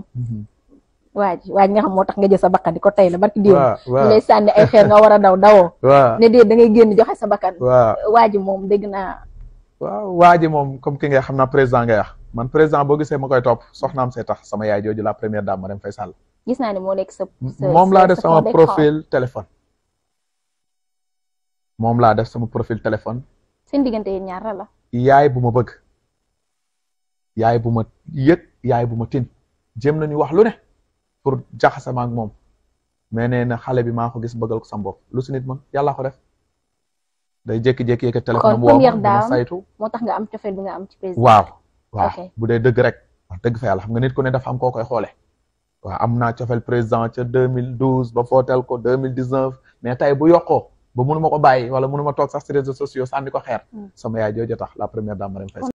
moom mm-hmm. waa waa ji nga xam moo tax nga jël sa bakkan di ko tey la barki démb ñu lay sànni ay xeer nga war a daw dawoo ne dee da ngay génn joxe sa bakkan waa ji moom dégg naa waaw waa ji moom comme ki nga xam naa président nga wax man président boo gisee ma koy topp soxnaam see tax sama yaay jooju la première dame Marème Faye Sall gis naa ne moo nekk sa moom laa def sama profil moom laa def sama profile téléphone seen diggante yéen ñaar la yaay bu ma bëgg yaay bu ma yaay bu ma tin jéem nañu wax lu ne pour jaxasama maak moom mais ne na xale bi maa ko gis bëggal ko sam bopp lu si nit man yàlla ko def day jékki-jékki yeeg téléphone am woo ma saytu moo tax nga am cofeel bi nga bu dee dëgg rek dëgg fa yàlla xam nga nit ku ne daf am koo koy xoolee waaw am naa cofeel président ca 2012 ba footeel ko 2019 mais tey bu yokkoo ba mënu ma ko bàyyi wala mënu ma toog sax si réseaux sociaux sànni ko xeer hmm. sama yaay jooju tax la première dame Marième Faye